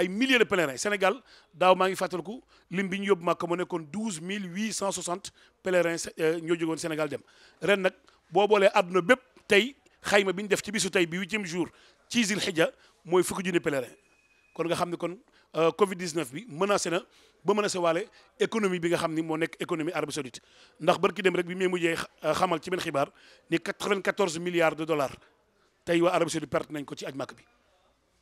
ay milliers de pèlerins Sénégal daw ma ngi fàttaliku lim bi yob yóbbu Makka mo nekkoon douze mille pèlerins euh, ñoo jógoon Sénégal dem ren nak bo boolee àdduna bépp tey xayma bi ñu def ci bisu tay bi 8e jour ci Zil Hijja mooy fukki junni pèlerin kon nga xamni kon euh, Covid 19 bi menacé na ba menacé walé économie bi nga xamni mo moo économie Arabie Saoudite ndax barki dem rek bi may mujjee euh, xamal ci ben xibar ni 94 milliards de dollars tay wa Arabie Saoudite perte nañ ko ci aj bi.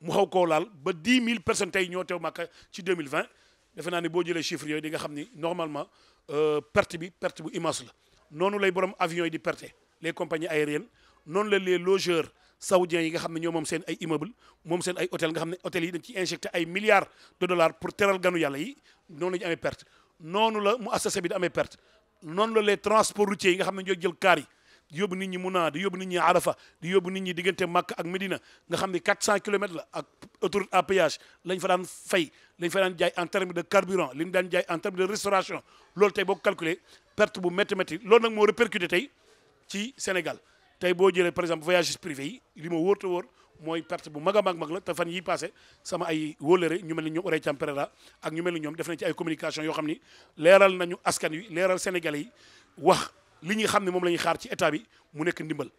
mu xaw koo laal ba 10 000 personnes tey ñoo teew Màkka ci 2020 defe naa ne boo jëlee chiffres yooyu di nga xam ni normalement euh, perte bi perte bu immense la noonu lay borom avions yi di perte les compagnies aériennes noonu la les logeurs saoudiens yi nga xam ne ñoo moom seen ay immeuble moom seen ay hôtel nga xam ne yi dañ ci injecté ay milliards de dollars pour teral ganu yàlla yi noonu la ñu amee perte noonu la mu assasé bi di amee perte noonu la les transports routiers yi nga xam ne jël kaar yi di yóbbu nit ñi mun di yóbbu nit ñi Arafa yóbbu nit ñi diggante Makka ak Medina nga xam ne 400 kilomètres la ak autoroute à péage lañ fa daan fay lañ fa jaay en terme de carburant li ñu daan jaay en terme de restauration loolu tey boo ko perte bu métti métti loolu nag moo répercuté tey ci Sénégal tey boo jëlee par exemple voyages privés yi li ma wóor te wóor mooy perte bu mag a mag mag la te fan yi passé sama ay wóolëre ñu mel ni ñoom Ourey Thiam ak ñu mel ni ñoom def ci ay communication yoo xam ni leeral nañu askan wi leeral Sénégalais yi wax li ñuy xam ne moom la ñuy xaar ci état bi mu nekk ndimbal